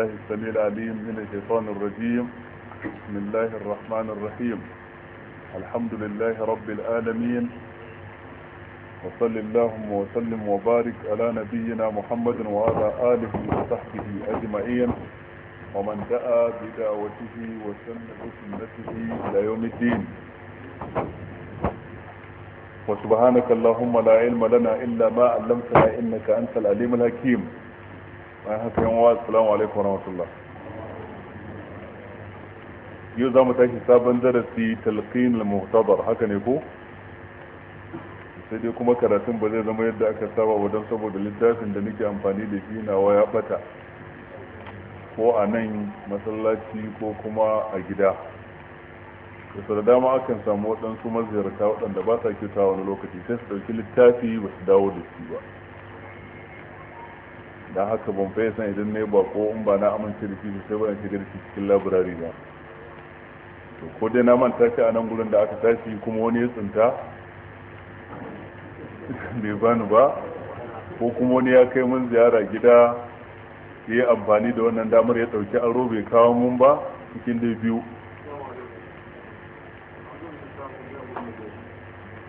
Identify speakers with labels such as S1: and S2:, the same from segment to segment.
S1: الله السميع العليم من الشيطان الرجيم بسم الله الرحمن الرحيم الحمد لله رب العالمين وصل اللهم وسلم وبارك على نبينا محمد وعلى آله وصحبه أجمعين ومن دعا بدعوته وسن سنته إلى يوم الدين وسبحانك اللهم لا علم لنا إلا ما علمتنا إنك أنت العليم الحكيم haka wa assalamu alaikum warahmatullah yau za mu tashi sabon darasi talqin al muhtadar haka ne ko sai dai kuma karatun ba zai zama yadda aka saba wajen saboda littafin da nake amfani da shi nawa ya bata ko a nan masallaci ko kuma a gida kusa da dama akan samu waɗansu maziyarta waɗanda ba sa kyauta wani lokaci sai su ɗauki littafi ba su dawo da shi ba Da haka ban fahimta san idan na yi ko in ba na amince da shi sai ba na shiga da shi cikin labirari ba to ko dai na manta shi a nan gurin da aka tashi kuma wani ya tsinta bai bani ba ko kuma wani ya kai mun ziyara gida ya yi amfani da wannan damar ya ɗauki aro bai kawo mun ba cikin dai biyu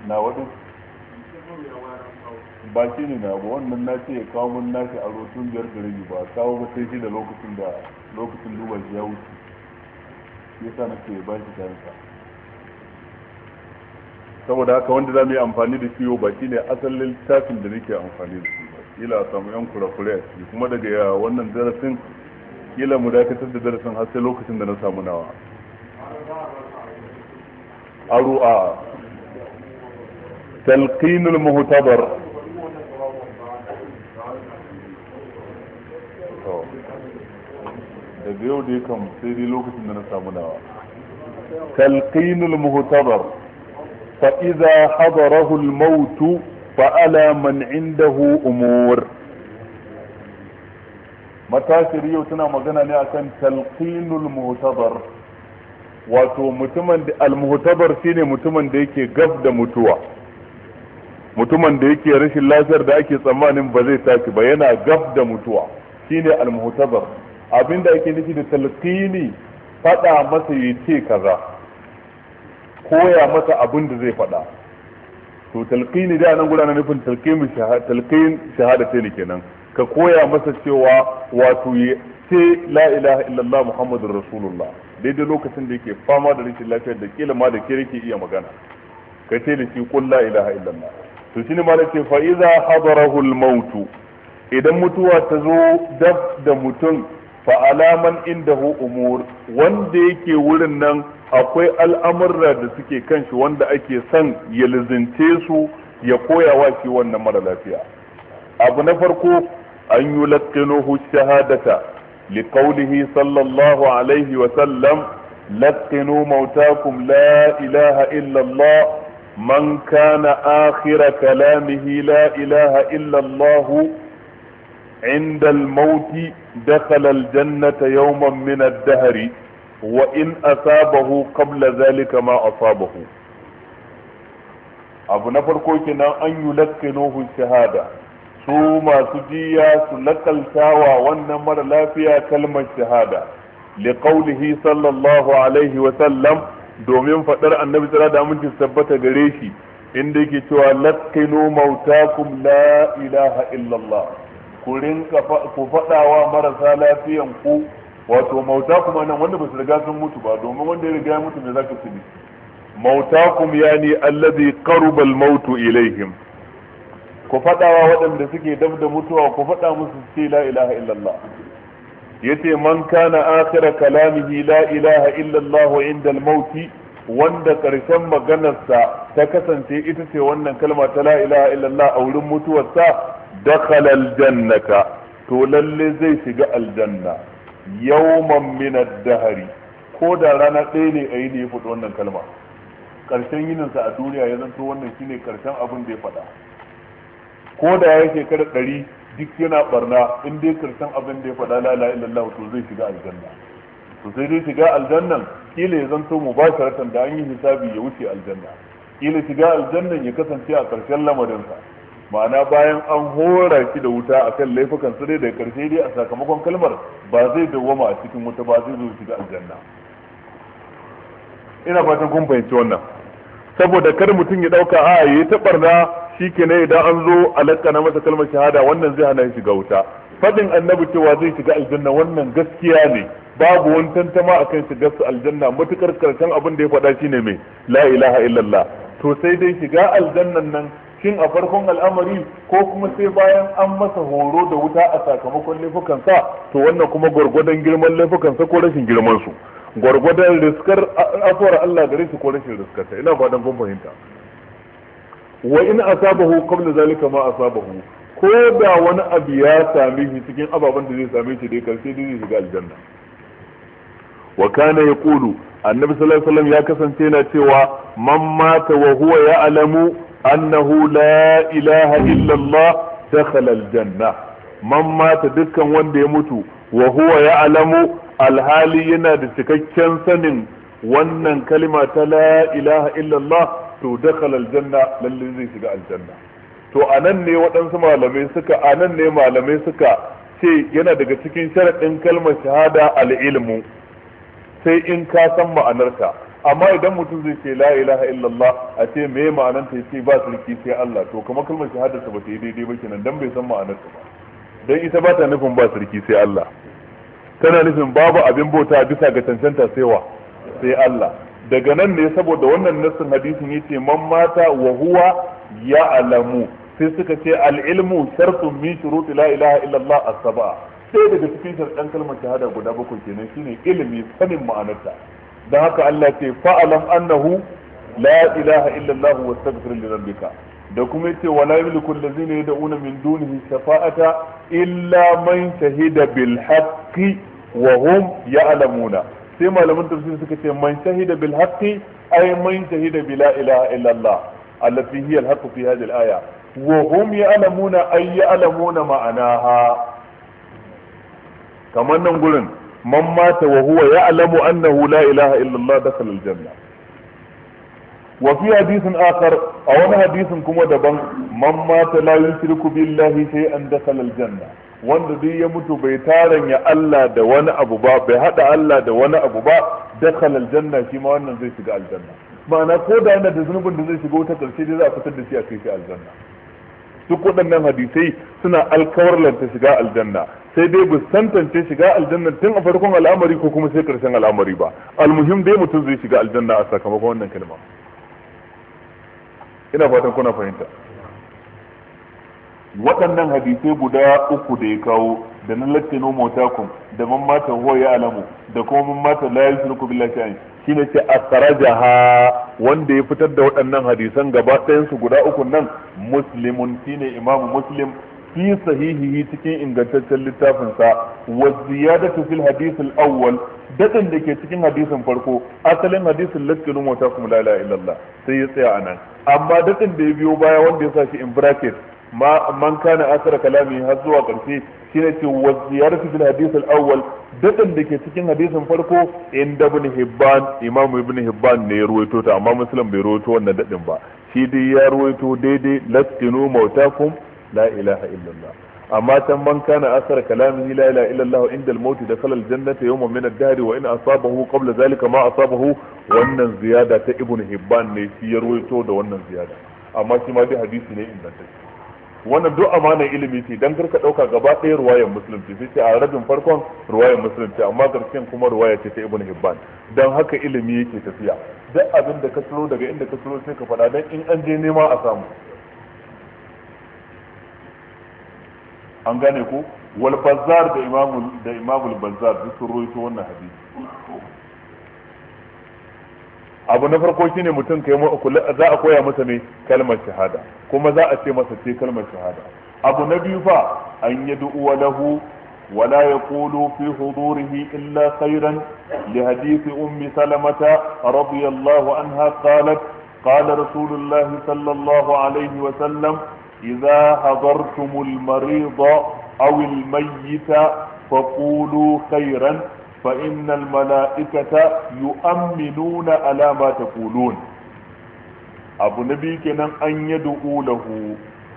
S1: na waɗansu ba shi ne na ba wannan na ce ya kawo mun nashi a rotun biyar da rabi ba kawo ba sai shi da lokacin da lokacin duba shi ya wuce ya sa na ce ba shi kansa saboda haka wanda za mu yi amfani da shi ba shi ne asalin littafin da nake amfani da shi ba kila a samu yan kurakure a ciki kuma daga wannan darasin kila mu dakatar da darasin har sai lokacin da na samu nawa aro a talqinul muhtabar daga yau da ya kam sai dai lokacin da na samu nawa talqinul muhtabar fa idza hadarahu al maut fa ala man indahu umur yau tana magana ne akan talqinul muhtabar wato mutumin da al muhtabar shine mutumin da yake gab da mutuwa mutumin da yake rashin lafiyar da ake tsammanin ba zai tashi ba yana gab da mutuwa shine al muhtabar abinda yake nufi da talqini fada masa ya ce kaza koya masa abin da zai fada to talqini da nan gudanar nufin talqin talqin shahada ce kenan ka koya masa cewa wato ya ce la ilaha illallah muhammadur rasulullah daidai lokacin da yake fama da rashin lafiyar da kila ma da ke iya magana ka ce da shi qul la ilaha illallah to shine malai ce fa iza hadarahu al idan mutuwa ta zo dab da mutum fa alaman hu umur wanda yake wurin nan akwai al'amurra da suke kan shi wanda ake son ya lizince su ya koya wa shi wannan mara lafiya abu na farko an yi laƙinuhu shahadata liƙaulihi sallallahu alaihi wa sallam laƙinu mautakum la ilaha illallah man kana akhira kalamihi la ilaha illallahu. عند الموت دخل الجنة يوما من الدهر وإن أصابه قبل ذلك ما أصابه abu na farko kenan an yi lakkinohu shahada su masu jiya su lakaltawa wannan mara lafiya kalmar shahada liqaulihi sallallahu domin faɗar annabi tsara da aminci tabbata gare shi inda yake cewa lakkinu mautakum la ilaha illallah ku rinka ku faɗawa marasa lafiyan ku wato mauta kuma nan wanda ba su riga sun mutu ba domin wanda ya riga ya mutu me za ka tuni mauta kum yani allazi qaruba al-mautu ilaihim ku faɗawa waɗanda suke dab da mutuwa ku faɗa musu ce la ilaha illallah yace man kana akhira kalamihi la ilaha illallah inda al-mauti wanda ƙarshen maganarsa ta kasance ita ce wannan kalma ta la ilaha illallah a wurin mutuwarsa dakhala aljannata to lalle zai shiga aljanna yawman min ad-dahri ko da rana ɗaya ne a yi da ya faɗi wannan kalma ƙarshen yininsa a duniya ya zanto wannan shine ƙarshen abin da ya faɗa ko da ya shekara ɗari duk yana barna in dai ƙarshen abin da ya faɗa la ilaha illallah to zai shiga aljanna to sai dai shiga aljannan kila ya zanto mubasharatan da an yi hisabi ya wuce aljanna kila shiga aljannan ya kasance a ƙarshen lamarinsa ma'ana bayan an hora shi da wuta akan laifukan su dai da ƙarshe dai a sakamakon kalmar ba zai dawwama a cikin wuta ba zai zo shiga aljanna ina fatan kun fahimci wannan saboda kar mutum ya dauka a yi ta barna shikenan idan an zo alaka na masa kalmar shahada wannan zai hana shi shiga wuta fadin annabi cewa zai shiga aljanna wannan gaskiya ne babu wani tantama akan shigar su aljanna matukar karshen abin da ya faɗa ne mai la ilaha illallah to sai dai shiga aljannan nan shin a farkon al'amari ko kuma sai bayan an masa horo da wuta a sakamakon laifukansa to wannan kuma gwargwadon girman laifukansa ko rashin girman su gwargwadon riskar asuwar Allah gare su ko rashin riskarsa ina fatan kun fahimta wa in asabahu qabla zalika ma asabahu ko da wani abu ya same shi cikin ababen da zai same shi dai karshe dai zai shiga aljanna wa kana yaqulu annabi sallallahu alaihi wasallam ya kasance yana cewa man mata wa huwa ya'lamu annahu la ilaha illallah Allah dakhala aljanna man mata dukkan wanda ya mutu wa huwa alamu alhali yana da cikakken sanin wannan kalima ta la ilaha illallah Allah to dakhala aljanna lalle zai shiga aljanna to anan ne waɗansu malamai suka anan ne malamai suka ce yana daga cikin sharaɗin kalmar shahada al-ilmu sai in ka san ma'anarta amma idan mutum zai ce la ilaha illallah a ce me ma'anar ta ce ba sarki sai Allah to kuma kalmar shahada ta bata yi daidai ba kenan dan bai san ma'anarta ba dan ita ba ta nufin ba sarki sai Allah tana nufin babu abin bauta bisa ga cancanta saiwa sai Allah daga nan ne saboda wannan nassin hadisin yace man mata wa huwa ya'lamu sai suka ce al-ilmu shartun min shuruti la ilaha illallah as-sab'a ɗaya daga cikin sharɗan kalmar shahada guda bakwai kenan shine ilimi sanin ma'anarta don haka Allah ce fa'alam annahu la ilaha illallah wa astaghfir li rabbika da kuma yace wala yamliku allazina yad'una min dunihi shafa'ata illa man shahida bil haqqi wa hum ya'lamuna sai malaman tafsir suka ce man shahida bil haqqi ay man shahida bi la ilaha illallah allati hiya al haqqu fi hadhihi al aya wa hum ya'lamuna ay ya'lamuna ma'anaha kamar nan gurin man mata wa huwa ya'lamu annahu la ilaha illallah dakhala janna wa fi akar akhar a wani hadisin kuma daban man mata la yushriku billahi shay'an dakhala janna wanda duk ya mutu bai ya Allah da wani abu ba bai hada Allah da wani abu ba dakhala janna shi ma wannan zai shiga aljanna ma'ana ko da yana da zunubin da zai shiga wata karshe dai za a fitar da shi a kai shi aljanna duk waɗannan hadisai suna alkawarlanta shiga aljanna sai dai bu santance shiga aljanna tun a farkon al'amari ko kuma sai karshen al'amari ba almuhim dai mutum zai shiga aljanna a sakamakon wannan kalma ina fatan kuna fahimta waɗannan hadisai guda uku da ya kawo da na mota motakun da man mata ya alamu da kuma man mata la yushriku billahi shay'an shine ce akhrajaha wanda ya fitar da waɗannan hadisan gaba ɗayan su guda uku nan muslimun shine imam muslim fi sahihihi cikin ingantaccen littafin sa wa ziyadatu fil hadith al awwal dadin da ke cikin hadisin farko asalin hadisin lattinu motakun la ilaha illallah sai ya tsaya anan amma dadin da ya biyo baya wanda ya sa shi in bracket ma man kana asara kalami har zuwa karshe shine ce wa ziyaratu fil hadith al awwal dadan da ke cikin hadisin farko inda ibn hibban imam ibn hibban ne ya ruwaito ta amma muslim bai ruwaito wannan dadin ba shi dai ya ruwaito daidai lastinu mautakum la ilaha illallah amma can man kana asara kalamihi la ilaha illallah inda al maut da kalal jannata yawman min ad-dahr wa in asabahu qabla zalika ma asabahu wannan ziyada ta ibn hibban ne shi ya ruwaito da wannan ziyada amma shi ma dai hadisi ne ingantacce wannan duk amanar ilimi ce dan karka dauka gaba ɗaya ruwayar musulunci sai ce a rabin farkon ruwayar musulunci amma karshen kuma ruwaya ce ta ibn hibban dan haka ilimi yake tafiya duk abin da ka tsoro daga inda ka tsoro sai ka faɗa dan in an je nema a samu an gane ku wal bazar da imamul da imamul bazzar duk sun ruwaito wannan hadisi abu na farko shine mutum kai za a koya masa ne kalmar shahada kuma za a ce masa ce kalmar shahada abu na biyu fa an yad'u lahu ولا يقول في حضوره إلا خيرا لحديث أم سلمة رضي الله عنها قالت قال رسول الله صلى الله عليه وسلم إذا حضرتم المريض أو الميت فقولوا خيرا فإن الملائكة يؤمنون على ما تقولون abu na biyu kenan an yi lahu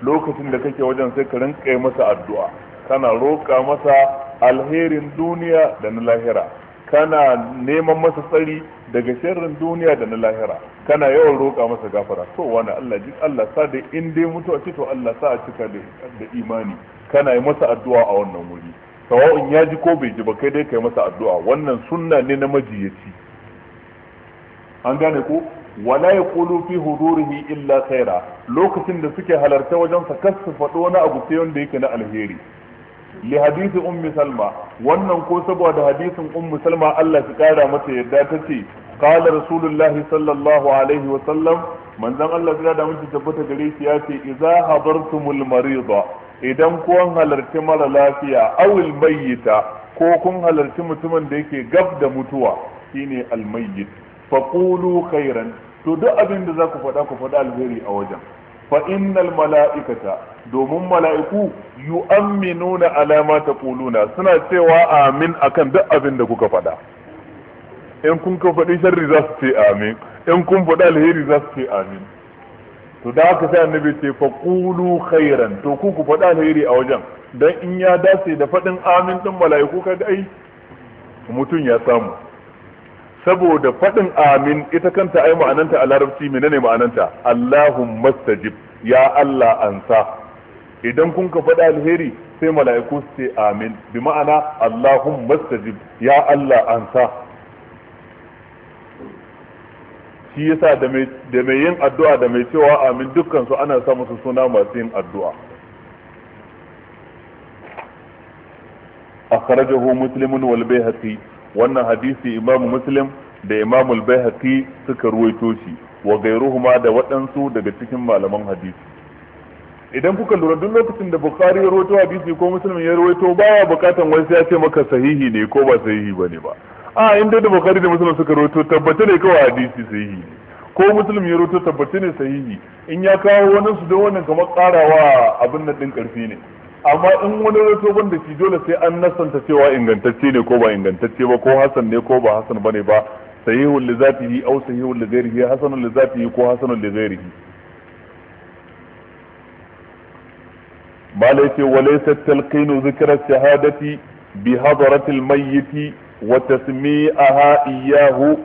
S1: lokacin da kake wajen sai ka rinka masa addu'a kana roƙa masa alherin duniya da na lahira kana neman masa tsari daga sharrin duniya da na lahira kana yawan roƙa masa gafara to wani Allah ji Allah sa da in dai mutu a cikin to Allah sa a cika da imani kana yi masa addu'a a wannan wuri sawa'un ya ji ko bai ji ba kai dai kai masa addu'a wannan sunna ne na majiyaci an gane ko wala yaqulu fi hudurihi illa khaira lokacin da suke halarta wajen sa kasu faɗo wani abu sai wanda yake na alheri li hadisi ummi salma wannan ko saboda hadisin ummi salma Allah ya kara mata yadda tace qala rasulullahi sallallahu alaihi wa sallam manzon Allah ya da miki tabbata gare shi yace idza hadartumul marida idan kun halarci mara lafiya awil mayyita ko kun halarci mutumin da yake gab da mutuwa shine almayyit qulu khairan to duk abin da za faɗa ku faɗa alheri a wajen fa innal mala'ikata domin mala'iku yu'minuna ala ma taquluna suna cewa amin akan duk abin da kuka faɗa in kun ka faɗi sharri za su ce amin in kun faɗi alheri za su ce amin to da aka sa annabi ce fa qulu khairan to ku ku faɗa alheri a wajen dan in ya dace da faɗin amin din mala'iku kaga ai mutum ya samu saboda faɗin amin ita kanta ai ma'ananta a larabci menene ma'ananta Allahumma stajib ya Allah ansa idan kun ka faɗa alheri sai mala'iku su ce amin bi ma'ana Allahumma stajib ya Allah ansa shi yasa da mai yin addu'a da mai cewa amin dukkan ana sa musu suna masu yin addu'a akhrajahu muslimun wal bayhaqi wannan hadisi imamu muslim da imamu al bayhaqi suka ruwaito shi wa gairuhuma da waɗansu daga cikin malaman hadisi idan kuka lura duk lokacin da bukhari ya rawaito hadisi ko muslim ya rawaito baya bukatan wai sai ya ce maka sahihi ne ko ba sahihi ne ba a inda da bukari da musulun suka roto tabbata ne kawai hadisi sahihi ko musulun ya roto tabbata ne sahihi in ya kawo wani su don wannan kamar karawa abin nan din karfi ne amma in wani roto ban da shi dole sai an nasanta cewa ingantacce ne ko ba ingantacce ba ko hasan ne ko ba hasan bane ba sahihul li zatihi aw sahihul li ghairihi hasanul li zatihi ko hasanul li ghairihi bala yace walaysa talqinu dhikra shahadati bi hadratil mayyiti وتسميئها إياه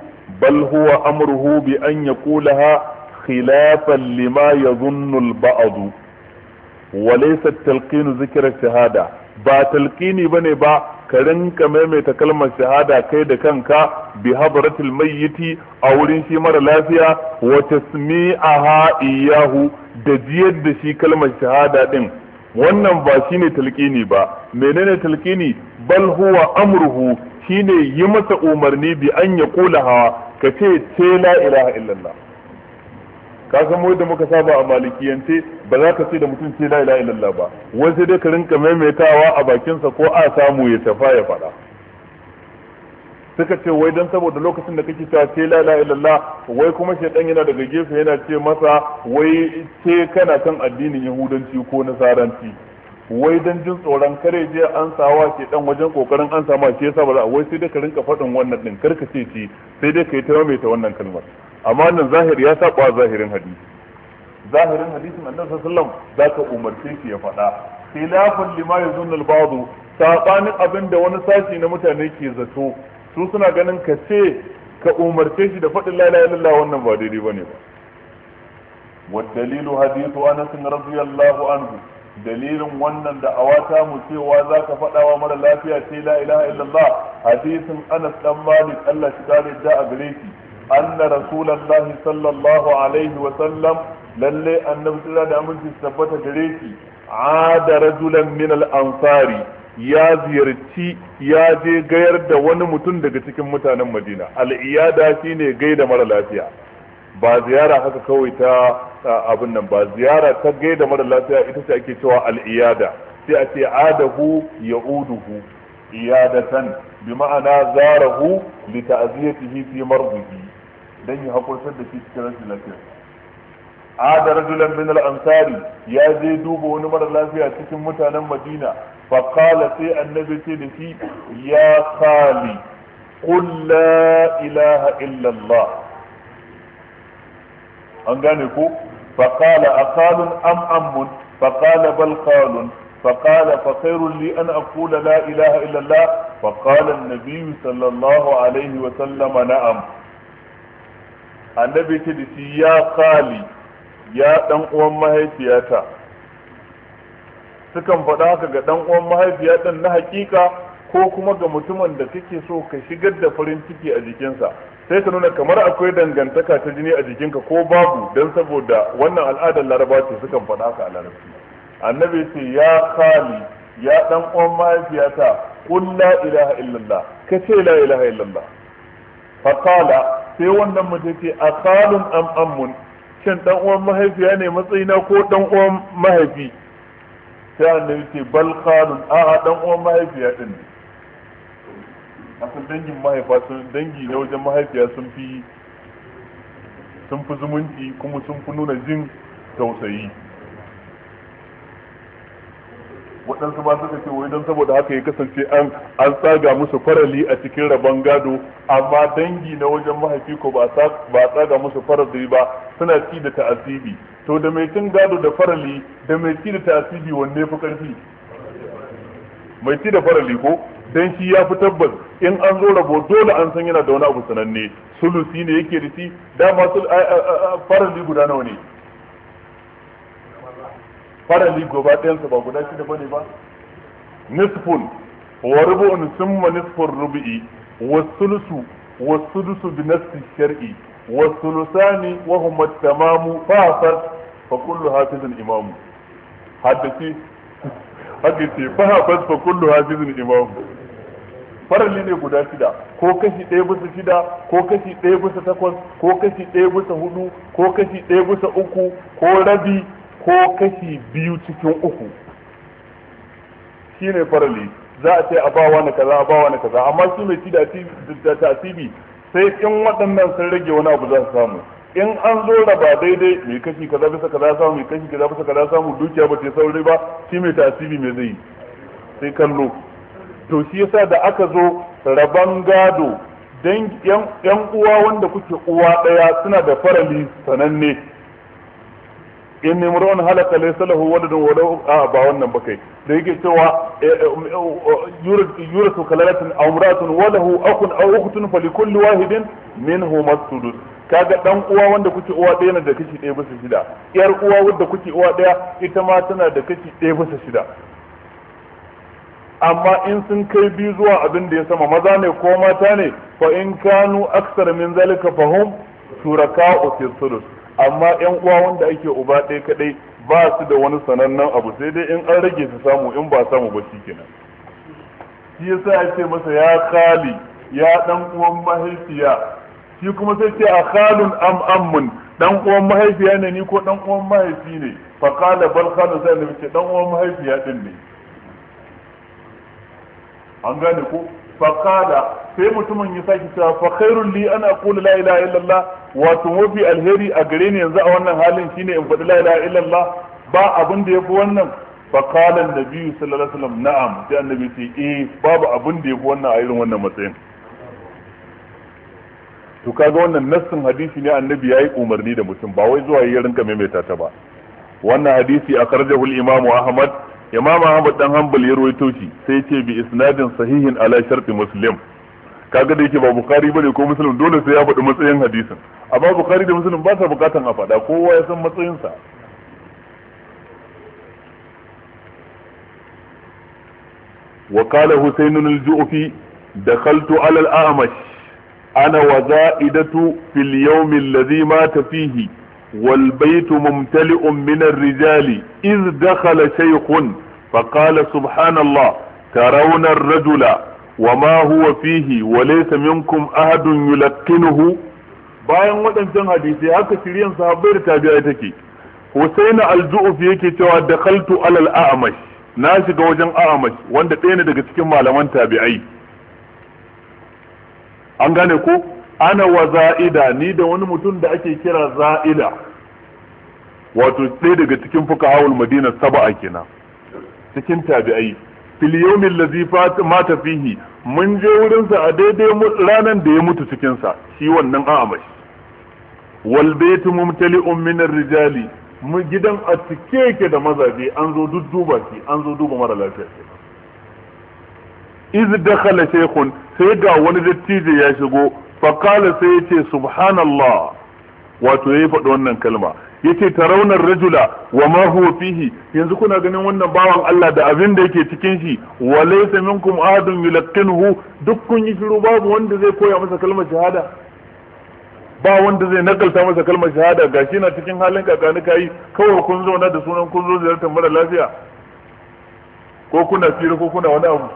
S1: بل هو أمره بأن يقولها خلافا لما يظن البعض وليس التلقين ذكر الشهادة با تلقيني بني با كرنك ميمي تكلم الشهادة كيد كنك بهبرة الميت أو رنشي مرة لافيا وتسميئها إياه دجيد شي كلمة الشهادة دين wannan ba shine talqini ba menene talqini bal huwa amruhu shine yi masa umarni bi an ya kula hawa ka ce ce la ilaha illallah ka san mu da muka saba a malikiyance ba za ka ce da mutum ce la ilaha illallah ba wai sai dai ka rinka maimaitawa a bakinsa ko a samu ya tafa ya faɗa suka ce wai don saboda lokacin da kake cewa ce, la ilaha illallah wai kuma shedan yana daga gefe yana ce masa wai ce kana kan addinin yahudanci ko nasaranci wai dan jin tsoron kare je an sawa ke dan wajen kokarin an sama shi yasa ba za wai sai dai ka rinka faɗin wannan din karka ce shi sai dai ka yi ta mai ta wannan kalmar amma nan zahir ya saba zahirin hadisi zahirin hadisin annabi sallallahu alaihi wasallam zaka umarce shi ya faɗa khilafun lima yazunnu al-ba'd sabanin abin da wani sashi na mutane ke zato su suna ganin ka ce ka umarce shi da faɗin la ilaha illallah wannan ba daidai ne ba والدليل حديث انس رضي الله عنه dalilin wannan da awata mu cewa za ka faɗa mara lafiya sai la ilaha illallah hadisin anas ɗan malik Allah shi kare da a gare shi anna rasulullahi sallallahu alaihi wa sallam lalle annabi sallallahu da aminci tabbata gare shi ada ansari ya ziyarci ya je gayar da wani mutum daga cikin mutanen madina al'iyada shine gaida mara lafiya ba ziyara haka kawai ta abin nan ba ziyara ta gaida mara lafiya ita ce ake cewa al'iyada sai a ce adahu ya uduhu iyadatan bi ma'ana zarahu li ta'ziyatihi fi mardihi dan ya hakurtar da shi cikin rashin lafiya ada rajulan min al-ansari ya je duba wani mara lafiya cikin mutanen madina faƙala sai annabi ce da shi ya khali qul la illallah an gane ko faƙala aqalun am ammun faƙala bal qalun فقال فخير لي أن أقول لا إله إلا الله فقال النبي صلى الله عليه وسلم نعم النبي تدسي يا قالي يا أم أم هيتياتا sukan faɗa haka ga ɗan uwan mahaifiya ɗin na hakika ko kuma ga mutumin da kake so ka shigar da farin ciki a jikinsa sai ka nuna kamar akwai dangantaka ta jini a jikinka ko babu don saboda wannan al'adar laraba ce sukan faɗa haka a larabci annabi ce ya kali ya ɗan uwan mahaifiyata qul la ilaha illallah ka ce la ilaha illallah fakala sai wannan mace ce a kalin ammun shin ɗanuwan uwan mahaifiya ne matsayina ko ɗan'uwan uwan mahaifi sa'an annabi ce bal khalun a dan uwan mahaifiya din ne asan dangin mahaifa sun dangi na wajen mahaifiya sun fi sun fi zumunci kuma sun fi nuna jin tausayi waɗansu ba suka ce wai don saboda haka ya kasance an an tsaga musu farali a cikin rabon gado amma dangi na wajen mahaifi ko ba a tsaga musu farali ba suna ci da ta'asibi to da mai cin gado da farali da mai ci da tasiri wanne fi karfi mai ci da farali ko dan shi ya fi tabbas in an zo rabo dole an san yana da wani abu sananne sulusi ne yake da shi dama sul farali guda nawa ne farali gaba ɗayan ba guda da bane ba nisfun wa rubu'un summa nisfun rubu'i wa sulusu wa sulusu bi nafsi shar'i wa sulusani wa huma tamamu fa فكل kullu امام حدثي حدثي haddace fa hafaz fa kullu farali ne guda shida ko kashi ɗaya bisa shida ko kashi ɗaya bisa takwas ko kashi ɗaya bisa hudu ko kashi ɗaya bisa uku ko rabi ko kashi biyu cikin uku shine farali za a ce a ba wani kaza a ba wani kaza amma su mai shida ta tasibi sai in waɗannan sun rage wani abu za su samu in an zo da ba daidai mai kashi kaza bisa kaza samu mai kashi kaza bisa kaza samu dukiya ba ta sauri ba shi mai tasiri mai zai sai kallo to shi yasa da aka zo rabon gado dan yan uwa wanda kuke uwa daya suna da farali sananne in muron halaka laysa lahu waladun wa law ba wannan ba kai da yake cewa e, e, um, e, yurisu kalalatun aw imra'atun wa lahu akhun aw ukhtun fa likulli wahidin minhum as-sudus kaga dan uwa wanda kuke uwa ɗaya na da kashi ɗaya bisa shida yar uwa wanda kuke uwa ɗaya ita ma tana da kashi ɗaya bisa shida amma in sun kai biyu zuwa abin da ya sama maza ne ko mata ne fa in kanu aksar min zalika fahum shuraka'u fi sulus amma yan uwa wanda ake uba ɗaya kaɗai ba su da wani sanannen abu sai dai in an rage su samu in ba samu ba shi kenan shi yasa ya ce masa ya kali ya ɗan uwan mahaifiya shi kuma sai ce a khalun am ammun ɗan uwan mahaifiya ne ni ko ɗan uwan mahaifi ne fa kala bal khalu sai ne ce dan uwan mahaifiya ɗin ne an gane ko faqala sai mutumin ya saki cewa fa khairul li ana aqulu la ilaha illallah wato mafi alheri a gare ni yanzu a wannan halin shine in faɗi la ilaha illallah ba abin da yafi wannan faqala annabi sallallahu alaihi wasallam na'am sai annabi ce eh babu abin da yafi wannan a irin wannan matsayin to kaga wannan nassin hadisi ne annabi yayi umarni da mutum ba wai zuwa ya rinka maimaita ta ba wannan hadisi akhrajahu al-imamu ahmad imam ahmad dan hanbal ya rawaito shi sai ce bi isnadin sahihin ala sharti muslim kaga da yake ba bukhari bane ko muslim dole sai ya faɗi matsayin hadisin amma bukhari da muslim ba sa bukatan a faɗa kowa ya san matsayinsa al-ju'fi dakhaltu ala al-a'mash ana wa za'idatu fil yawm alladhi mata fihi Walbaitu baitu mumtali'un min rijali iz dakhala shaykhun فقال سبحان الله ترون الرجل وما هو فيه وليس منكم أحد يلقنه bayan waɗancan hadisai haka shiryan sahabbai da tabi'ai take Husaini al-Ju'uf yake cewa da kaltu alal a'mash na shiga wajen a'mash wanda ɗaya ne daga cikin malaman tabi'ai an gane ko ana wa za'ida ni da wani mutum da ake kira za'ida wato ɗaya daga cikin fuqaha'ul madina saba'a kenan cikin tabi'ai fil yawmin ladhi mata fihi mun je wurin sa a daidai ranan da ya mutu cikin sa shi wannan a'amash wal baytu mumtali'un min ar-rijali mu gidan a cike yake da mazaje an zo dudduba shi an zo duba mara lafiya iz dakhala shaykhun sai ga wani dattijo ya shigo faƙala sai ya ce subhanallah wato ya yi faɗi wannan kalma ya ce raunar rajula wa ma huwa fihi yanzu kuna ganin wannan bawan Allah da abin da yake cikin shi wa laysa minkum ahadun yulaqqinuhu duk kun yi shiru babu wanda zai koya masa kalmar shahada ba wanda zai nakalta masa kalmar shahada gashi na cikin halin kakani kai kawai kun zauna da sunan kun zo ziyartar mara lafiya ko kuna fira ko kuna wani abu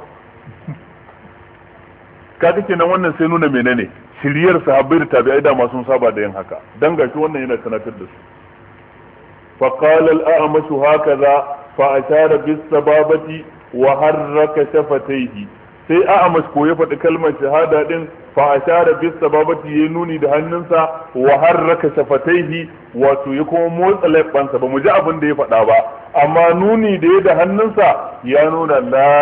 S1: kake kenan wannan sai nuna menene ne shiriyar sahabbai da tabi'ai dama sun saba da yin haka dan gashi wannan yana sanatar da su fa qala al a'mashu hakaza fa ashara bis sababati wa harraka shafataihi sai a'mash ko ya faɗi kalmar shahada din fa ashara bis sababati ya nuni da hannunsa wa harraka shafataihi wato ya kuma motsa laifansa ba mu ji abin da ya faɗa ba amma nuni da ya da hannunsa ya nuna la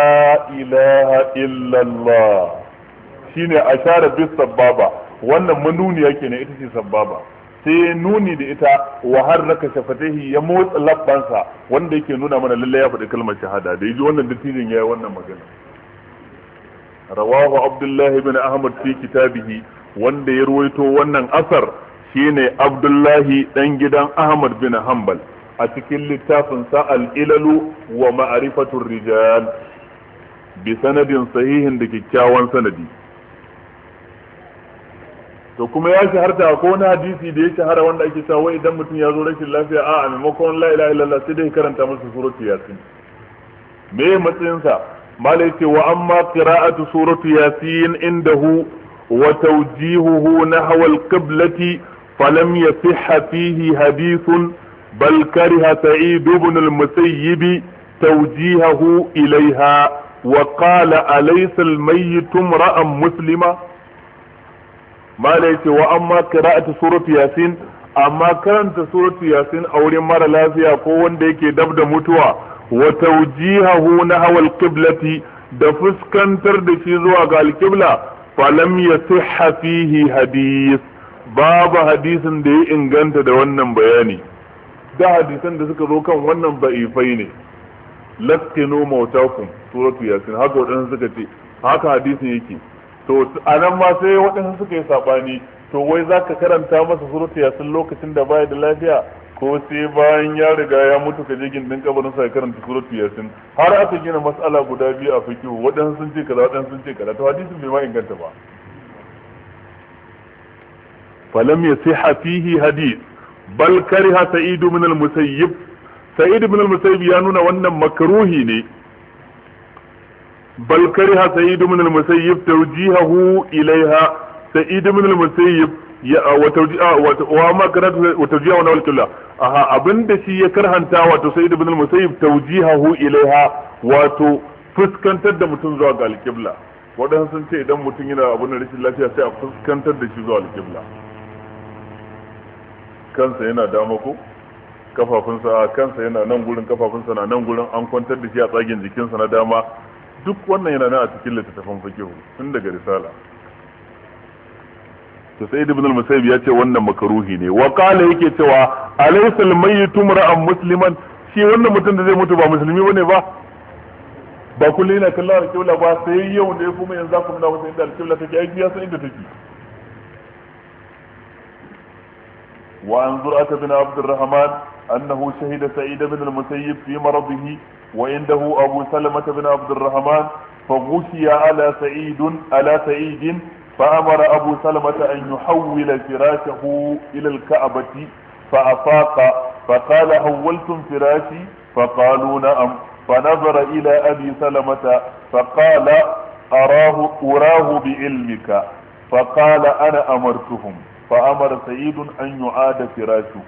S1: ilaha illallah shine ashara bis sababa wannan manuniya ne ita ce sababa sai nuni da ita wa har kashe shafatihi ya motsa labbansa wanda yake nuna mana lalle ya faɗi kalmar shahada da yaji wannan dattijin yayi wannan magana rawahu abdullah ibn ahmad fi kitabihi wanda ya ruwaito wannan asar shine abdullahi dan gidan ahmad bin hanbal a cikin littafin sa al-ilalu wa ma'arifatun rijal bi sanadin sahihin da kikkiawan sanadi to kuma ya shaharta ko na hadisi da ya shahara wanda ake sa wai idan mutum ya zo rashin lafiya a a maimakon la ilaha illallah sai dai karanta masa suratu yasin me matsayin sa malai ce wa amma qira'atu suratu yasin indahu wa tawjihuhu nahwa al-qiblati falam yasihha fihi hadithun bal kariha sa'id ibn al-musayyib tawjihahu ilayha wa qala alaysa al-mayyit imra'an muslima malai ce wa amma qira'atu surati yasin amma karanta surati yasin a wurin mara lafiya ko wanda yake dab da mutuwa wa tawjihahu nahwa al-qiblati da fuskantar da shi zuwa ga al-qibla falam yasihha fihi hadith babu hadisin da ya inganta da wannan bayani da hadisan da suka zo kan wannan ba'ifai ne laskinu mautakum suratu yasin haka wadannan suka ce haka hadisin yake to a nan ma sai waɗansu suka yi saɓani to wai za ka karanta masa suratu yasin lokacin da baya da lafiya ko sai bayan ya riga ya mutu ka je gindin kabarin sa karanta suratu yasin har aka gina mas'ala guda biyu a fiki waɗansu sun ce kaza waɗansu sun ce kaza to hadisin bai ma inganta ba falam yasiha hafihi hadis bal kariha sa'idu min al-musayyib sa'id min al-musayyib ya nuna wannan makruhi ne bal kariha sa'id ibn al-musayyib tawjihahu ilaiha sa'id ibn al-musayyib ya wa tawjiha wa ma karatu wa tawjiha wa qilla aha abinda shi ya karhanta wato sa'id ibn al-musayyib tawjihahu ilaiha wato fuskantar da mutum zuwa ga al-qibla waɗansu sun ce idan mutum yana abin da rashin lafiya sai a fuskantar da shi zuwa alƙibla kansa yana dama ko kafafunsa kansa yana nan gurin kafafunsa na nan gurin an kwantar da shi a tsagen jikinsa na dama duk wannan yana nan a cikin littattafan fikihu tun daga risala to sai ibn al-musayyib ya ce wannan makaruhi ne wa qala yake cewa alaysa al-mayyitu mar'an musliman shi wannan mutum da zai mutu ba musulmi bane ba ba kullu yana kallon alƙibla ba sai yau ne kuma yanzu za ku nuna masa inda alƙibla take aiki ya san inda take wa an zur'ata bin abdurrahman أنه شهد سعيد بن المسيب في مرضه وعنده أبو سلمة بن عبد الرحمن فغشي على سعيد على سعيد فأمر أبو سلمة أن يحول فراشه إلى الكعبة فأفاق فقال حولتم فراشي فقالوا نعم فنظر إلى أبي سلمة فقال أراه أراه بعلمك فقال أنا أمرتهم فأمر سعيد أن يعاد فراشه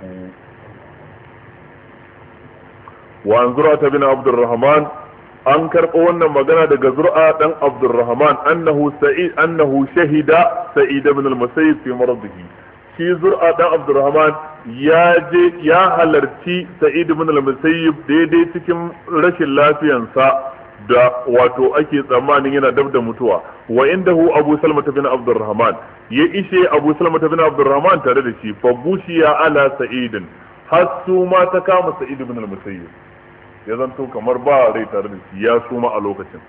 S1: wa an zur'ata bin abdurrahman an karɓo wannan magana daga zur'a ɗan abdurrahman annahu sa'id annahu shahida sa'id ibn al-musayyib fi shi zur'a ɗan abdurrahman ya ya halarci sa'id ibn al daidai cikin rashin lafiyarsa da wato ake tsammanin yana dab da mutuwa wa indahu abu salma bin abdurrahman ya ishe abu salma bin abdurrahman tare da shi fa bushiya ala sa'idin har su ta kama sa'id ya zanto kamar ba rai tare da shi ya suma a lokacin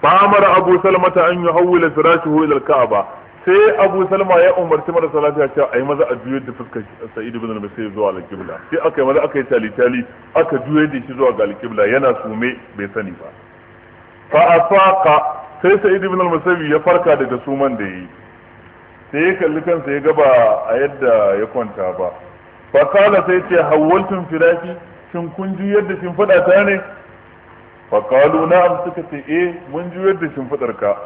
S1: famara abu ta an yi hawwila firashihu ila ka'aba sai abu salma ya umarci marasa lafiya cewa ai maza a juyar da fuskar sa'id ibn al-musayyib zuwa al-qibla sai aka yi maza aka yi tali-tali aka juyar da shi zuwa ga al-qibla yana sume bai sani ba fa afaqa sai sa'id ibn al-musayyib ya farka daga suman da yi sai ya kalli kansa ya gaba a yadda ya kwanta ba fa kana sai ce hawwaltum firashi shin kun yadda da shimfiɗa ta ne fa na am suka ce eh mun ji yadda shimfiɗar ka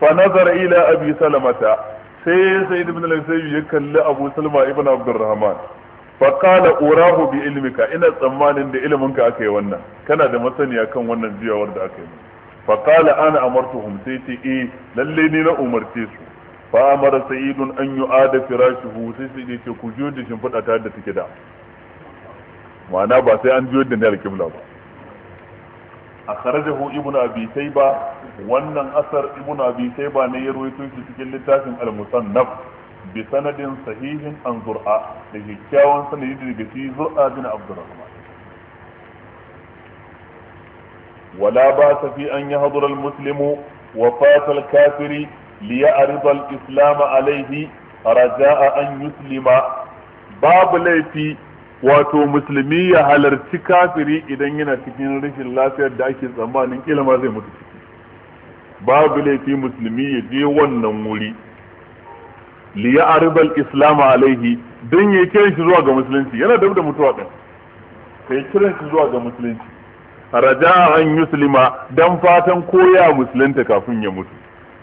S1: fa nazara ila abi salamata sai sayyid ibn al-sayyid ya kalli abu salma ibn abdurrahman fa qala urahu bi ilmika ina tsammanin da iliminka aka yi wannan kana da masaniya kan wannan juyawar da aka yi fa ana amartuhum sai ce eh lalle ne na umarce su fa amara sayyidun an yu'ada firashuhu sai sai ce ku jiyo da shimfiɗa ta da take da ma'ana ba sai an juyar da ni alkibla ba a kharajahu ibnu abi tayba wannan asar ibnu abi tayba ne ya rawaito shi cikin littafin al-musannaf bi sanadin sahihin an zur'a da kyakkyawan sanadi daga shi zur'a bin abdurrahman ولا باس في أن يحضر المسلم وفاة الكافر ليعرض الإسلام عليه رجاء an يسلم babu laifi. wato musulmi ya halarci kafiri idan yana cikin rashin lafiyar da ake tsammanin ilma zai mutu ciki babu laifi musulmi ya je wannan wuri liya arbal islam alaihi don ya kira shi zuwa ga musulunci yana da da mutuwa din kai kiran shi zuwa ga musulunci raja an yuslima dan fatan koya musulunta kafin ya mutu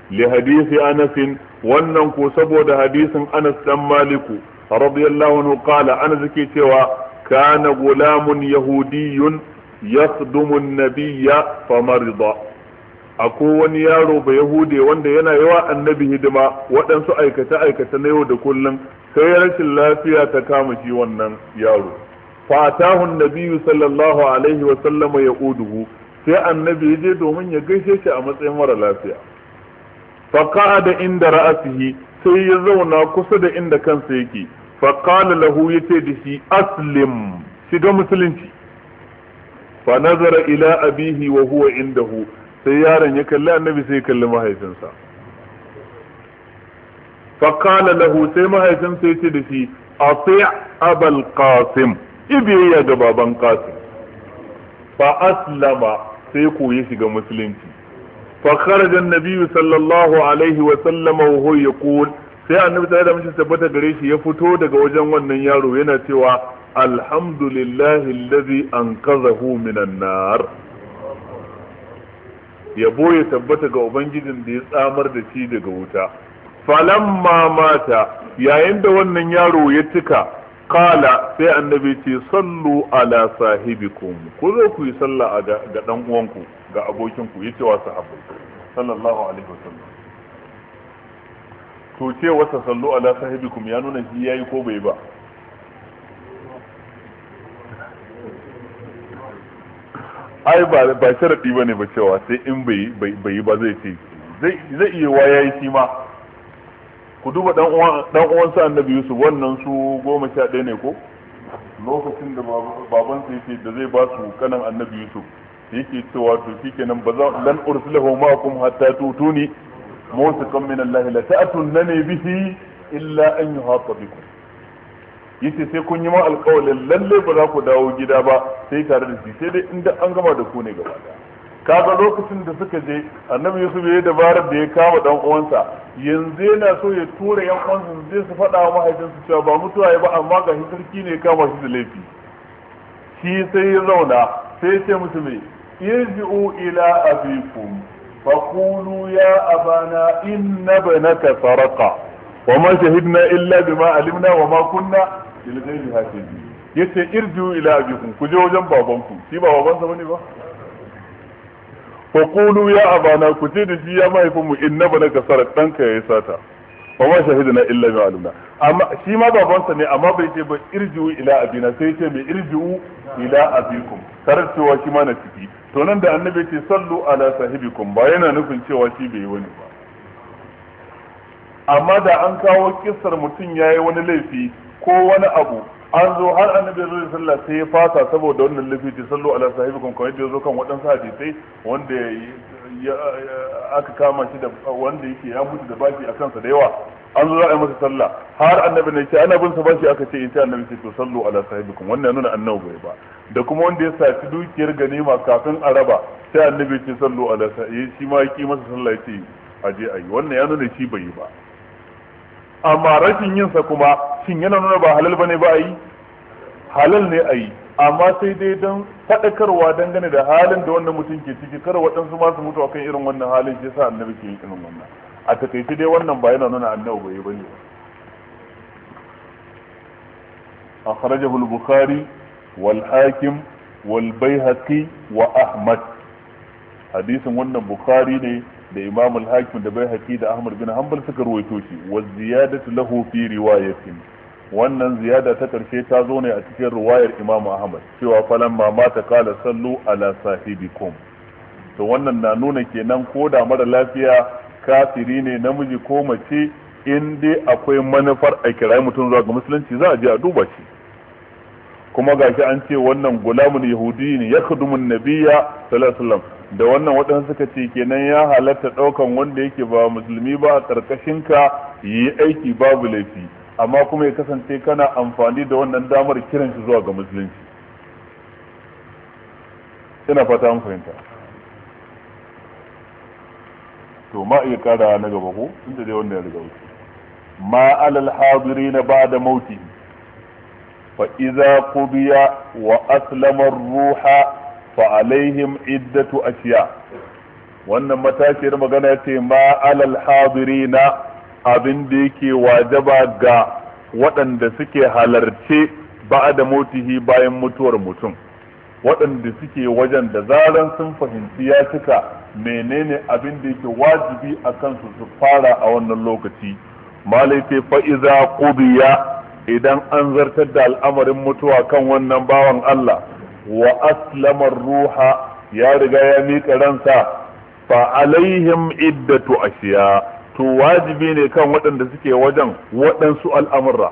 S1: li hadisi anasin wannan ko saboda hadisin anas dan maliku radiyallahu anhu qala ana zake cewa kana gulamun Yahudiyun yasdumu an-nabiyya famarida akwai wani yaro ba yahude wanda yana yawa annabi hidima waɗansu aikace aikace na yau da kullum sai rashin lafiya ta kama wannan yaro Fatahun nabiyyu sallallahu ya uduhu sai annabi yaje domin ya gaishe shi a matsayin mara lafiya fa inda ra'asihi sai ya zauna kusa da inda kansa yake faƙala lahu ya ce da shi aslim shiga musulunci fa nazara ila abihi wa huwa indahu sai yaron ya kalli annabi sai ya kalli mahaifinsa faƙala lahu sai mahaifinsa ya ce da shi ati abal qasim ibiyayya ga baban qasim fa aslama sai koyi shiga musulunci fa kharaja an-nabi sallallahu alaihi wa sallama wa huwa yaqul sai annabi sai da mishi tabbata gare shi ya fito daga wajen wannan yaro yana cewa alhamdulillahi allazi anqadhahu minan nar yabo ya tabbata ga ubangijin da ya tsamar da shi daga wuta falamma mata yayin da wannan yaro ya cika kala sai annabi ce sallu ala sahibikum ku zo ku yi sallah ga dan uwanku ga abokinku yace wa sahabbai sallallahu alaihi wasallam to ce wata sallu ala sahibikum ya nuna shi yayi ko bai ba ai ba ba sharadi bane ba cewa sai in bai bai ba zai ce zai zai iya wa yayi shi ma ku duba dan uwan dan uwan sa annabi Yusuf wannan su goma sha ɗaya ne ko lokacin da babansa yake da zai ba su kanan annabi Yusuf yake cewa to shikenan ba za lan ursilahu ma'akum hatta tutuni mawsakan min Allah la ta'tunnani bihi illa an yuhata yace sai kun yi ma alƙawalin lalle ba za ku dawo gida ba sai tare da shi sai dai inda an gama da ku ne gaba kaga lokacin da suka je annabi yusuf ya yi dabarar da ya kama dan uwansa yanzu yana so ya tura yan uwansa su je su faɗa wa mahaifinsu cewa ba mutuwa ya ba amma ga shi sarki ne ya kama shi da laifi shi sai ya zauna sai ya ce musu me irji'u ila abikum فقولوا يا أبانا إن ابنك سرق وما شهدنا إلا بما علمنا وما كنا للغير هاتفين yace irju ila abikum ku je wajen babanku shi ba babansa bane ba faqulu ya abana ku je da shi ya mahaifin mu inna bana ka sarar danka yayi sata wa ma shahidna illa bi alimna amma shi ma babansa ne amma bai ce ba irju ila abina sai ce mai irju ila abikum sarar cewa shi ma na ciki to nan da annabi ce sallu ala sahibikum ba yana nufin cewa shi bai wani ba amma da an kawo kissar mutum ya yi wani laifi ko wani abu an zo har annabi zai sallah sai ya fata saboda wannan laifi ce sallu ala sahibikum kamar yadda ya zo kan waɗansu hadisai wanda aka kama shi da wanda yake ya mutu da baki a kansa da yawa an zo za a yi masa sallah har annabi ne ce ana bin sa bashi aka ce in ce annabi ce to sallu ala sahibikum wannan nuna annabi bai ba da kuma wanda ya saci dukiyar ganima kafin a raba sai annabi ce sallu ala sahibi eh, shi ma yake masa sallah ya ce aje a yi wannan ya nuna shi bai yi ba amma rashin yin sa kuma shin yana nuna ba halal bane ba a yi halal ne a yi amma sai dai don faɗakarwa dangane da halin da wannan mutum ke ciki kar waɗansu masu mutu akan irin wannan halin shi sa annabi ke yin irin wannan a takaice dai wannan ba yana nuna annabi bai bane akhrajahu al-bukhari wal hakim wal bayhaqi wa ahmad hadisin wannan bukhari ne da imam al-hakim da bayhaqi da ahmad bin hanbal suka ruwaito shi wa ziyadatu lahu fi riwayatin wannan ziyada ta karshe ta zo ne a cikin riwayar imam ahmad cewa falan ma mata kala sallu ala sahibikum to wannan na nuna kenan ko da mara lafiya kafiri ne namiji ko mace in dai akwai manufar a kirayi mutum zuwa ga musulunci za a je a duba shi kuma gashi an ce wannan gulamun yahudi ne ya kudumin nabiya sallallahu da wannan waɗansu suka ce kenan ya halatta ɗaukan wanda yake ba musulmi ba a ƙarƙashin ka yi aiki babu laifi amma kuma ya kasance kana amfani da wannan damar kiran shi zuwa ga musulunci ina fata an fahimta to ma iya kara na gaba ko tunda dai wanda ya riga wuce ma alal ba da mauti fa idza qudiya wa aslama ruha fa alaihim iddatu ashiya wannan matashiyar magana ce ma alal na abin da yake wajaba ga waɗanda suke halarce ba da mutihi bayan mutuwar mutum waɗanda suke wajen da zaran sun fahimci ya cika menene abin da yake wajibi a kansu su fara a wannan lokaci malai ce fa'iza ƙubiya idan an zartar da al'amarin mutuwa kan wannan bawan Allah wa aslamar ruha ya riga ya miƙa ransa fa alaihim iddatu ashiya to wajibi ne kan waɗanda suke wajen waɗansu al'amurra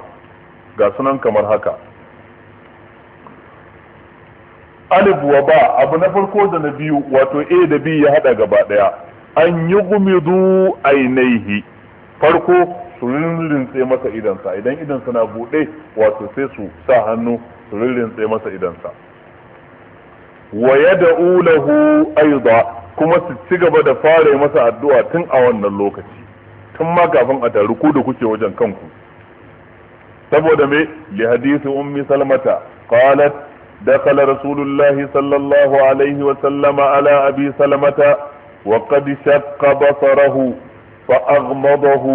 S1: ga sunan kamar haka alif wa ba abu na farko da na biyu wato a da b ya hada gaba daya an yi gumidu ainihi farko su rinrinse masa idansa idan idansa na bude wato sai su sa hannu su rinrinse masa idansa wa yad'u lahu aida kuma su ci gaba da fara masa addu'a tun a wannan lokaci tun ma kafin a taru ku da kuke wajen kanku saboda me li hadisi ummi salmata qalat دخل رسول الله صلى الله عليه وسلم على أبي سلمة وقد شق بصره فأغمضه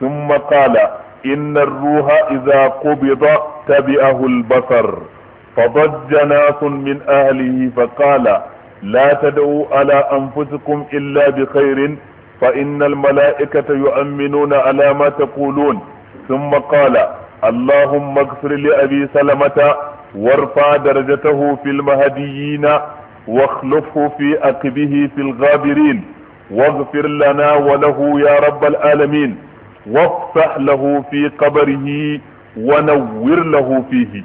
S1: ثم قال إن الروح إذا قبض تبعه البصر فضج ناس من أهله فقال لا تدعوا على أنفسكم إلا بخير فإن الملائكة يؤمنون على ما تقولون ثم قال اللهم اغفر لأبي سلمة وارفع درجته في المهديين واخلفه في أقبه في الغابرين واغفر لنا وله يا رب العالمين وافتح له في قبره ونور له فيه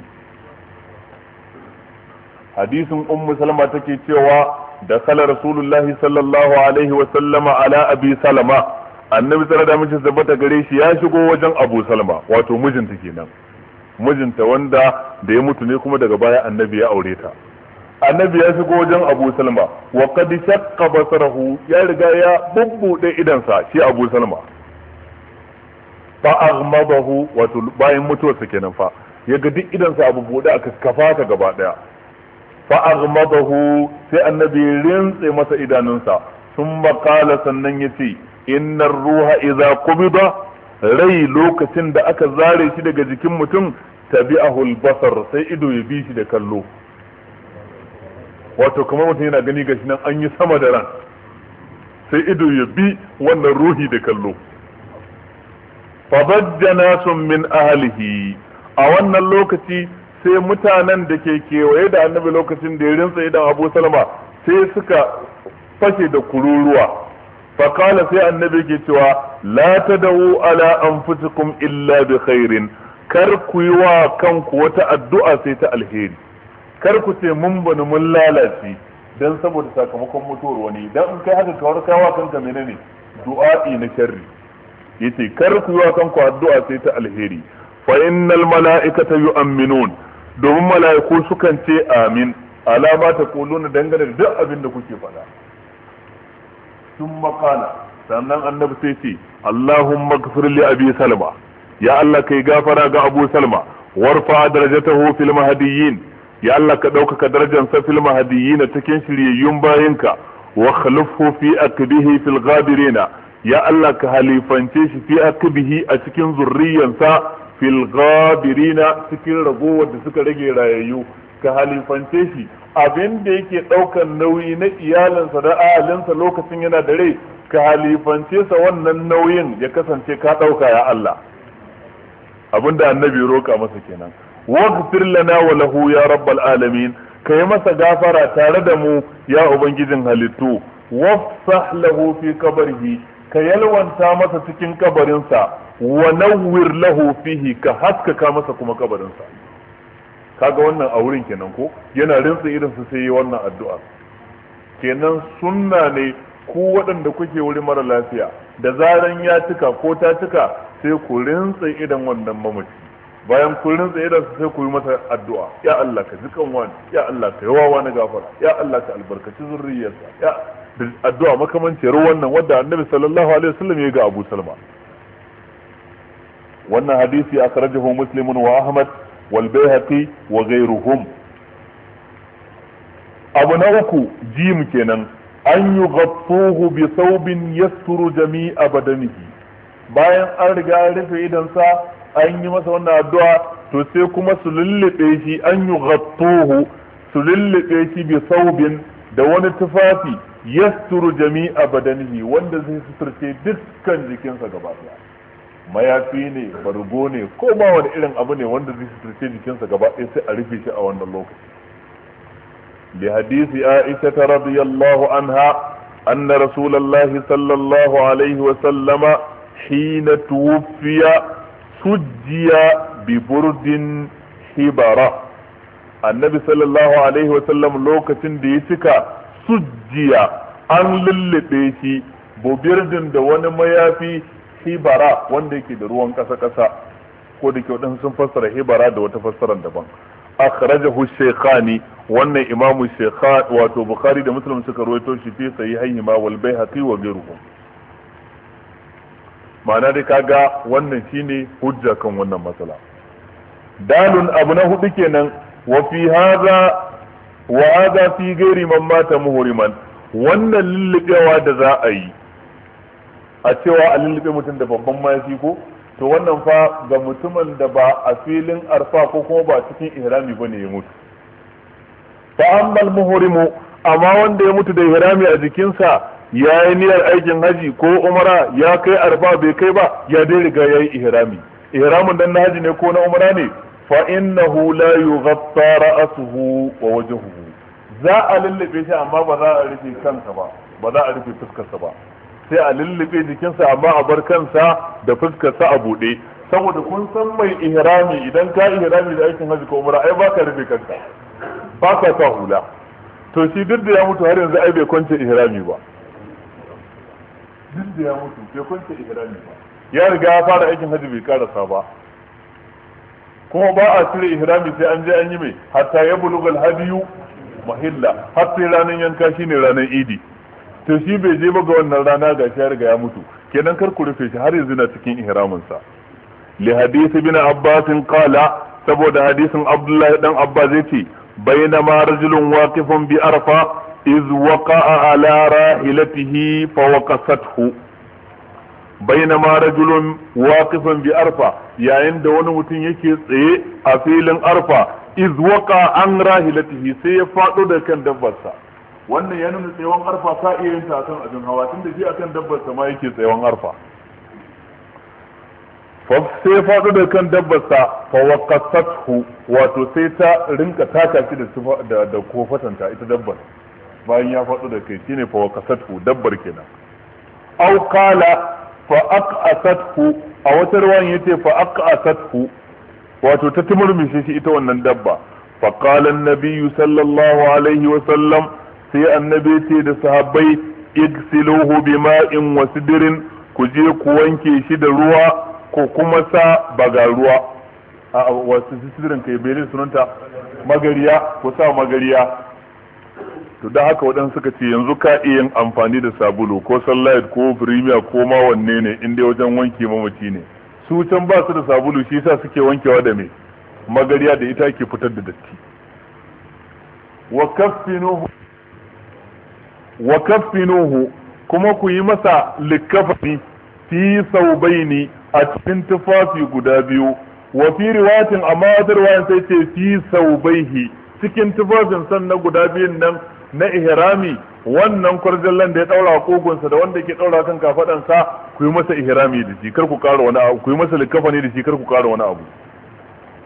S1: حديث أم سلمة تكي دخل رسول الله صلى الله عليه وسلم على أبي سلمة annabi tsara da mace tabbata gare shi ya shigo wajen abu salma wato mijinta kenan mijinta wanda da ya mutu ne kuma daga baya annabi ya aure ta annabi ya shigo wajen abu salma wa kadi shakka basarahu ya riga ya bubbuɗe idansa shi abu salma fa aghmadahu wato bayan mutuwarsa kenan fa ya ga duk idansa abu bude aka kafa ta gaba daya fa aghmadahu sai annabi ya rintse masa idanunsa sun qala sannan yace innar ruha idza qubida rai lokacin da aka zare shi daga jikin mutum tabi'ahul basar sai ido ya bi shi da kallo wato kamar mutum yana gani gashi nan an yi sama da ran sai ido ya bi wannan ruhi da kallo fadajja nasun min ahalihi a wannan lokaci sai mutanen da ke kewaye da annabi lokacin da ya rinsa idan abu salama sai suka fashe da kururuwa فقال سي النبي كتوا لا تدعوا على أنفسكم إلا بخير كركوا وكنكوا وتأدعى سيت الهيري كركوا تمنبن من لالاتي dan saboda sakamakon mutuwar wani dan in kai haka kawar kawa kanka menene du'a'i na sharri yace kar ku yi wa kanku addu'a sai ta alheri fa innal mala'ikata yu'minun
S2: domin mala'iku
S1: sukan ce amin alama ta kuluna dangane da duk abin da kuke faɗa sun قال sannan annabi sai ce Allahumma ighfir abi salma ya Allah kai gafara ga abu salma warfa darajatahu fil mahdiyyin ya Allah ka ɗaukaka darajar sa fil cikin shiryayyun bayinka wa khalifhu fi akbihi fil ghabirina ya Allah ka halifance shi fi akbihi a cikin zurriyansa fil ghabirina cikin ragowar da suka rage rayayyu ka halifance shi abin da yake ɗaukan nauyi na iyalinsa da ahalinsa lokacin yana da rai ka halifance sa wannan nauyin ya kasance ka ɗauka ya Allah abin da annabi roƙa masa kenan waghfir lana wa lahu ya rabbal alamin ka yi masa gafara tare da mu ya ubangijin halittu wafsah lahu fi qabrihi ka yalwanta masa cikin kabarinsa wa nawwir lahu fihi ka haskaka masa kuma kabarinsa kaga wannan a wurin kenan ko yana rinsa irin su sai yi wannan addu'a kenan sunna ne ku waɗanda kuke wuri mara lafiya da zaran ya cika ko ta cika sai ku rinsa idan wannan mamaci bayan ku rinsa idan sai ku yi masa addu'a ya Allah ka jikan wani ya Allah ka yawa wani gafara ya Allah ka albarkaci zurriyarsa ya addu'a makamanciyar wannan wadda annabi sallallahu alaihi wasallam ya ga Abu Salma wannan hadisi akhrajahu muslimun wa Ahmad wal bayhaqi wa ghayruhum abu na uku jim kenan an yi gaffuhu bi saubin yasturu jami'a bayan an riga ya rufe idansa an yi masa wannan addu'a to sai kuma su lullube shi an yi gaffuhu su lullube shi bi saubin da wani tufafi yasturu jami'a badanihi wanda zai suturce dukkan jikinsa gaba daya mayafi ne bargo ne ko ma wani irin abu ne wanda zai suturce jikinsa gaba ɗaya sai a rufe shi a wannan lokaci li hadisi aisha ta radiyallahu anha anna rasulullahi sallallahu alaihi wa sallama hina tuwfiya sujjiya bi burdin hibara annabi sallallahu alaihi wa sallam lokacin da ya cika sujjiya an lullube shi bubirdin da wani mayafi hibara wanda yake da ruwan kasa kasa ko da kyau din sun fassara hibara da wata fassara daban akhrajahu shaykhani wannan imamu shaykhan wato bukhari da muslim suka rawaito shi fi sahihayhima wal baihaqi wa ghayruhum ma'ana dai kaga wannan shine hujja kan wannan matsala dalun abu na hudu kenan wa fi hadha wa hadha fi man mata muhriman wannan lillibewa da za a yi a cewa a lullube mutum da babban mayafi ko to wannan fa ga mutumin da ba a filin arfa ko kuma ba cikin ihrami bane ya mutu fa ammal muhrimu amma wanda ya mutu da ihrami a jikinsa ya yi niyyar aikin haji ko umara ya kai arfa bai kai ba ya dai riga ya yi ihrami ihramin dan na haji ne ko na umara ne fa innahu la yughatta ra'suhu wa wajhuhu za a lullube shi amma ba za a rufe kansa ba ba za a rufe fuskarsa ba sai a lullube jikinsa amma a bar kansa da fuskarsa a buɗe saboda kun san mai ihrami idan ka ihrami da aikin hajji ko umra ai ka rufe kanka ba ka sa hula to shi duk da ya mutu har yanzu ai bai kwance ihrami ba duk da ya mutu bai kwance ihrami ba ya riga ya fara aikin hajji bai karasa ba kuma ba a cire ihrami sai an je an yi mai hatta ya bulugal hadiyu mahilla har sai ranar yanka shine ranar idi to shi bai je ba ga wannan rana ga shi ya riga ya mutu kenan kar ku rufe shi har yanzu na cikin ihraminsa li hadisi bin abbasin qala saboda hadisin abdullahi dan abba zai ce bainama rajulun waqifun bi arfa iz waqa'a ala rahilatihi fa waqasathu bainama rajulun waqifun bi arfa yayin da wani mutum yake tsaye a filin arfa iz waqa an rahilatihi sai ya faɗo da kan dabbarsa wannan ya nuna tsayawan arfa ka iya yin ta akan abin hawa tunda shi akan dabbar sa ma yake tsayawan arfa sai faɗo da kan sa fa waqasathu wato sai ta rinka taka shi da da kofatanta ita dabbar bayan ya faɗo da kai shine fa waqasathu dabbar kenan aw qala fa aqasathu a wata ruwan yace fa aqasathu wato ta tumurmishe shi ita wannan dabba fa qala an sallallahu alaihi wa sallam sai annabi ce da sahabbai igsiluhu bima'in wa sidrin ku je ku wanke shi da ruwa ko kuma sa baga ruwa a wasu sidrin kai bai sunanta magariya ku sa magariya to da haka waɗansu suka ce yanzu ka iya yin amfani da sabulu ko sunlight ko premier ko ma wanne ne in dai wajen wanke mamaci ne su can ba su da sabulu shi yasa suke wankewa da me magariya da ita ke fitar da datti wa kaffinuhu wa kaffinuhu kuma ku yi masa likkafani fi saubaini a cikin tufafi guda biyu wa fi riwayatin amma wata riwayan sai ce fi saubaihi cikin tufafin san na guda biyun nan na ihrami wannan kwarjallan da ya daura kogonsa da wanda ke daura kan kafaɗansa, ku yi masa ihrami da shi kar ku ƙara wani abu ku yi masa likkafani da shi kar ku ƙara wani abu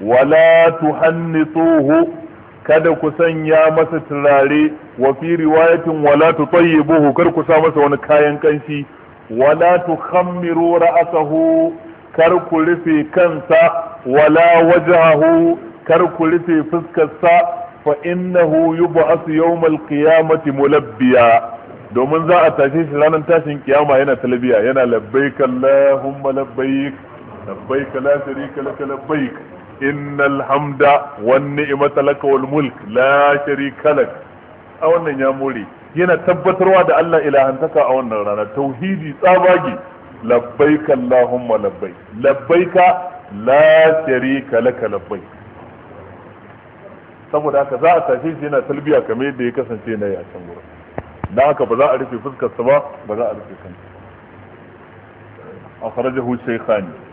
S1: wala tuhannisuhu kada ku sanya masa turare wa fi riwayatin wala tutayyibuhu kar ku sa masa wani kayan kanshi wala tukhammiru ra'sahu kar ku rufe kansa wala wajhahu kar ku rufe fuskarsa fa innahu yub'asu yawmal qiyamati mulabbiya domin za a tashe shi ranar tashin kiyama yana talbiya yana labbaik allahumma labbaik labbaik la sharika lak labbaik innal hamda wan ni'mata laka wal mulk la a wannan ya more yana tabbatarwa da Allah ilahantaka a wannan rana tauhidi tsabagi labbaika allahumma labbaik labbaika la sharika saboda haka za a tashi shi yana talbiya kamar yadda ya kasance na yi a can gurin dan haka ba za a rufe fuskar sa ba ba za a rufe kanta akhrajahu shaykhani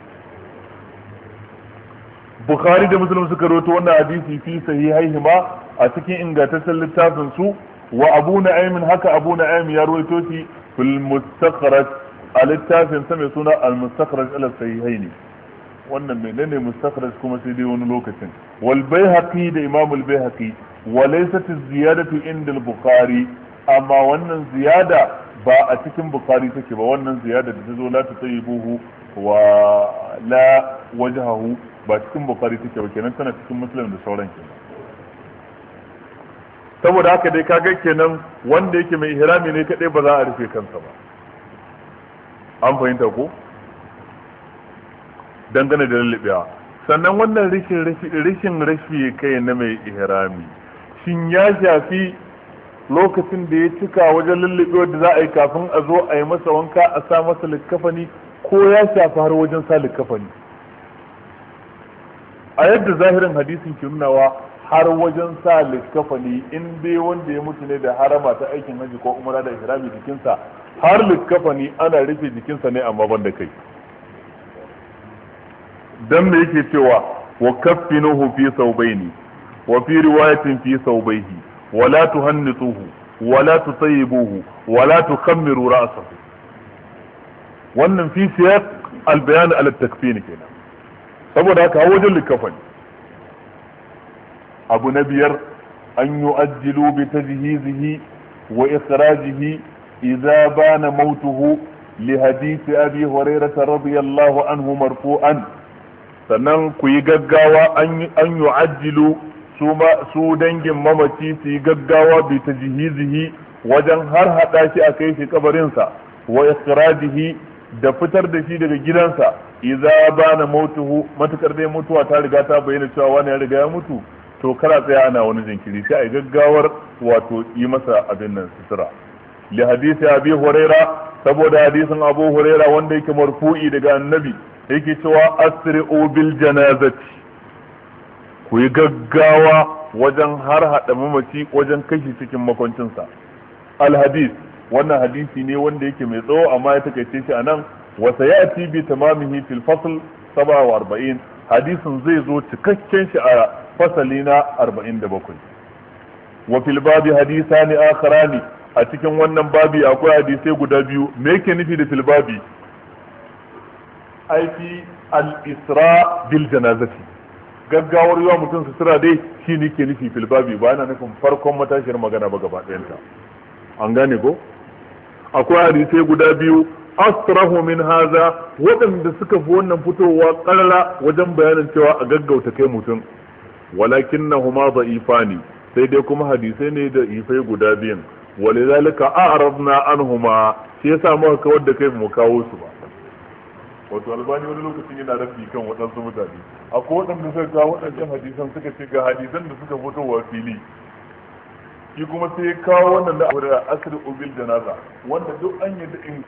S1: bukhari da muslim suka rawaito wannan hadisi fi haihima a cikin ingantaccen littafin su wa abu na'im haka abu na'im ya rawaito shi fil mustakhraj a littafin sa mai suna al mustakhraj ala sahihaini wannan menene mustakhraj kuma sai dai wani lokacin wal baihaqi da imam al baihaqi wa laysat ziyadatu inda al bukhari amma wannan ziyada ba a cikin bukhari take ba wannan ziyada da ta zo la tayyibuhu wa la wajhahu ba cikin bukari take ba kenan tana cikin muslim da sauran kenan saboda haka dai kaga kenan wanda yake mai ihrami ne kadai ba za a rufe kansa ba an fahimta ko dangane da lullubewa sannan wannan rishin rishin rashi kai na mai ihrami shin ya shafi lokacin da ya cika wajen lullubewar da za a yi kafin a zo a yi masa wanka a sa masa likkafani ko ya shafi har wajen sa likkafani a yadda zahirin hadisin ke nunawa har wajen sa littafani in dai wanda ya mutu ne da harama ta aikin haji ko umara da ihrami jikinsa har littafani ana rufe jikinsa ne amma ban da kai dan me yake cewa wa kaffinuhu fi saubaini wa fi riwayatin fi saubaihi wa la tuhannituhu wa la tutayyibuhu wa la tukhammiru ra'sahu wannan fi siyaq al-bayan al-takfin kenan saboda haka wajen likafani abu na biyar an yi ajilu bi tajhizihi wa israjihi idza bana mautuhu li hadisi abi hurairah radiyallahu anhu marfu'an sannan ku yi gaggawa an yi ajilu su dangin mamaci su yi gaggawa bi tajhizihi wajen har hada shi a kai shi kabarinsa wa israjihi da fitar da shi daga gidansa idza bana mautuhu matukar dai mutuwa ta riga ta bayyana cewa wani ya riga ya mutu to kara tsaya ana wani jinkiri sai a gaggawar wato yi masa abin nan sutura li hadisi abi huraira saboda hadisin abu huraira wanda yake marfu'i daga annabi yake cewa asri'u bil janazati ku yi gaggawa wajen har hada mamaci wajen kashi cikin makwancinsa al hadis wannan hadisi ne wanda yake mai tsawo amma ya takaice shi anan wa sayati bi tamamihi fil fasl 47 hadisin zai zo cikakken shi a fasali na 47 wa fil babi hadisani akharani a cikin wannan babi akwai hadisai guda biyu me yake nufi da fil babi aiki al-isra bil janazati gaggawar yawa mutum su sutura dai shi ne ke nufi filbabi ba yana nufin farkon matashiyar magana ba gaba ɗayanta an gane ko akwai hadisai guda biyu asrahu min haza waɗanda suka fi wannan fitowa ƙarara wajen bayanin cewa a gaggauta kai mutum walakin na huma ne sai dai kuma hadisai ne da ifai guda biyun walidhalika a'radna anhuma shi yasa muka kawar da kai mu kawo su ba wato albani wani lokacin yana rafi kan waɗansu mutane akwai waɗanda suka ga waɗancan hadisan suka ce ga hadisan da suka fitowa fili shi kuma sai ya kawo wannan da obil ubil janaza wanda duk an yi da in